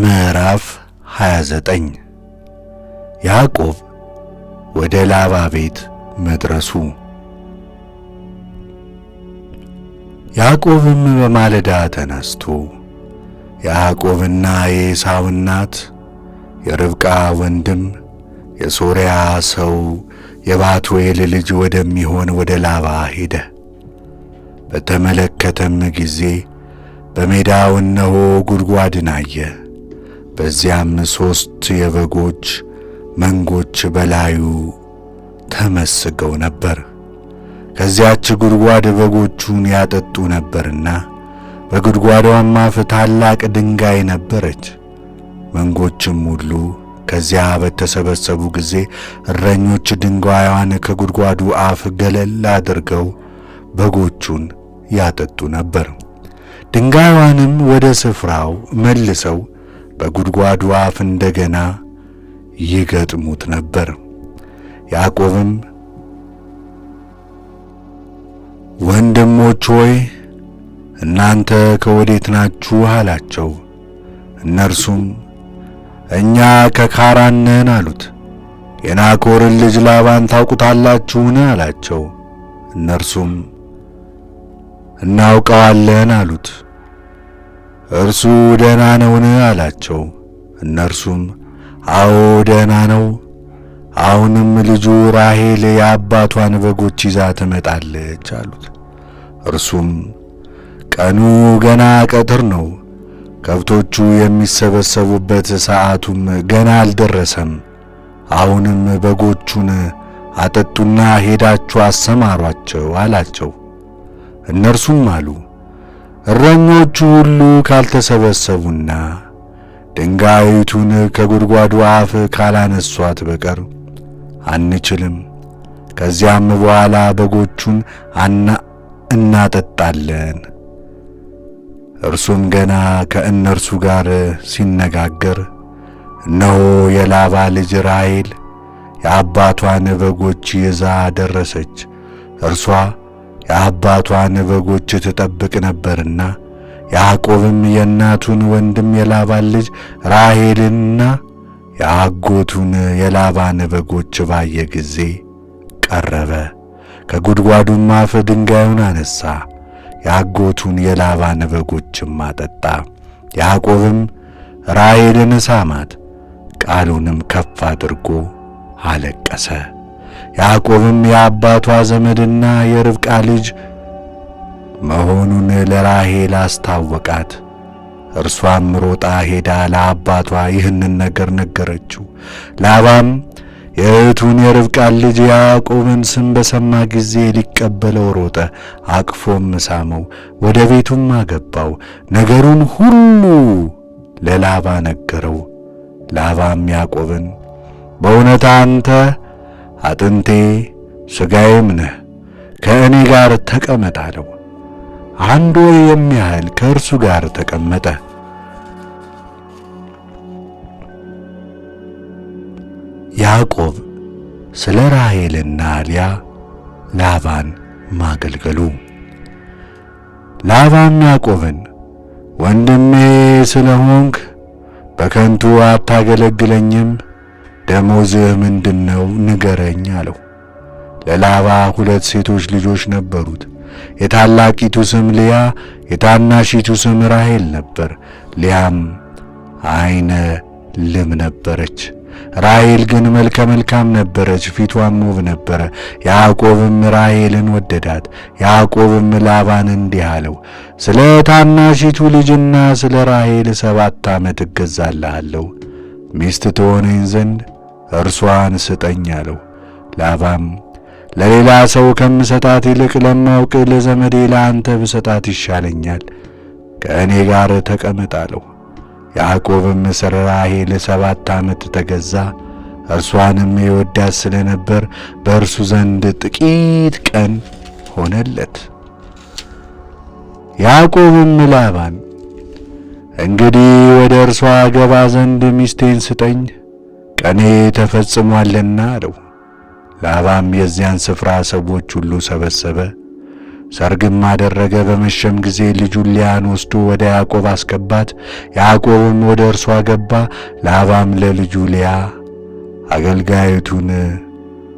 ምዕራፍ 29 ያዕቆብ ወደ ላባ ቤት መድረሱ። ያዕቆብም በማለዳ ተነስቶ ያዕቆብና የኤሳው እናት የርብቃ ወንድም የሶርያ ሰው የባቱኤል ልጅ ወደሚሆን ወደ ላባ ሄደ። በተመለከተም ጊዜ በሜዳው እነሆ ጉድጓድን አየ። በዚያም ሦስት የበጎች መንጎች በላዩ ተመስገው ነበር። ከዚያች ጉድጓድ በጎቹን ያጠጡ ነበርና በጉድጓዷም አፍ ታላቅ ድንጋይ ነበረች። መንጎችም ሁሉ ከዚያ በተሰበሰቡ ጊዜ እረኞች ድንጋዩን ከጉድጓዱ አፍ ገለል አድርገው በጎቹን ያጠጡ ነበር። ድንጋዩንም ወደ ስፍራው መልሰው በጉድጓዱ አፍ እንደገና ይገጥሙት ነበር። ያዕቆብም ወንድሞች ሆይ እናንተ ከወዴት ናችሁ? አላቸው። እነርሱም እኛ ከካራን ነን አሉት። የናኮርን ልጅ ላባን ታውቁታላችሁን? አላቸው። እነርሱም እናውቀዋለን አሉት። እርሱ ደህና ነውን? አላቸው። እነርሱም አዎ ደህና ነው። አሁንም ልጁ ራሄል የአባቷን በጎች ይዛ ትመጣለች አሉት። እርሱም ቀኑ ገና ቀትር ነው፣ ከብቶቹ የሚሰበሰቡበት ሰዓቱም ገና አልደረሰም። አሁንም በጎቹን አጠጡና ሄዳችሁ አሰማሯቸው አላቸው። እነርሱም አሉ እረኞቹ ሁሉ ካልተሰበሰቡና ድንጋይቱን ከጉድጓዱ አፍ ካላነሷት በቀር አንችልም። ከዚያም በኋላ በጎቹን አና እናጠጣለን። እርሱም ገና ከእነርሱ ጋር ሲነጋገር እነሆ የላባ ልጅ ራሔል የአባቷን በጎች ይዛ ደረሰች። እርሷ የአባቷን በጎች ትጠብቅ ነበርና ያዕቆብም የእናቱን ወንድም የላባን ልጅ ራሔልንና የአጎቱን የላባን በጎች ባየ ጊዜ ቀረበ፣ ከጉድጓዱም አፍ ድንጋዩን አነሣ፣ የአጎቱን የላባን በጎችም አጠጣ። ያዕቆብም ራሔልን ሳማት፣ ቃሉንም ከፍ አድርጎ አለቀሰ። ያዕቆብም የአባቷ ዘመድና የርብቃ ልጅ መሆኑን ለራሄል አስታወቃት። እርሷም ሮጣ ሄዳ ለአባቷ ይህንን ነገር ነገረችው። ላባም የእህቱን የርብቃን ልጅ ያዕቆብን ስም በሰማ ጊዜ ሊቀበለው ሮጠ፣ አቅፎም ሳመው፣ ወደ ቤቱም አገባው። ነገሩን ሁሉ ለላባ ነገረው። ላባም ያዕቆብን በእውነት አንተ አጥንቴ ሥጋዬም ነህ፣ ከእኔ ጋር ተቀመጥ አለው። አንድ ወር የሚያህል ከእርሱ ጋር ተቀመጠ። ያዕቆብ ስለ ራሔልና ልያ ላባን ማገልገሉ። ላባን ያዕቆብን ወንድሜ ስለሆንክ በከንቱ አታገለግለኝም ደሞዝህ ምንድን ነው ንገረኝ አለው። ለላባ ሁለት ሴቶች ልጆች ነበሩት። የታላቂቱ ስም ልያ፣ የታናሺቱ ስም ራሔል ነበር። ልያም አይነ ልም ነበረች። ራሔል ግን መልከ መልካም ነበረች፣ ፊቷም ውብ ነበረ። ያዕቆብም ራሔልን ወደዳት። ያዕቆብም ላባን እንዲህ አለው፣ ስለ ታናሺቱ ልጅና ስለ ራሔል ሰባት ዓመት እገዛልሃለሁ ሚስት ትሆነኝ ዘንድ እርሷን ስጠኝ አለው። ላባም ለሌላ ሰው ከምሰጣት ይልቅ ለማውቅ ለዘመዴ ለአንተ ብሰጣት ይሻለኛል፣ ከእኔ ጋር ተቀመጥ አለው። ያዕቆብም ስለ ራሔል ሰባት ዓመት ተገዛ። እርሷንም የወዳት ስለ ነበር በእርሱ ዘንድ ጥቂት ቀን ሆነለት። ያዕቆብም ላባን እንግዲህ ወደ እርሷ ገባ ዘንድ ሚስቴን ስጠኝ ቀኔ ተፈጽሟልና አለው። ላባም የዚያን ስፍራ ሰዎች ሁሉ ሰበሰበ፣ ሰርግም አደረገ። በመሸም ጊዜ ልጁን ሊያን ወስዶ ወደ ያዕቆብ አስገባት። ያዕቆብም ወደ እርሷ ገባ። ላባም ለልጁ ሊያ አገልጋይቱን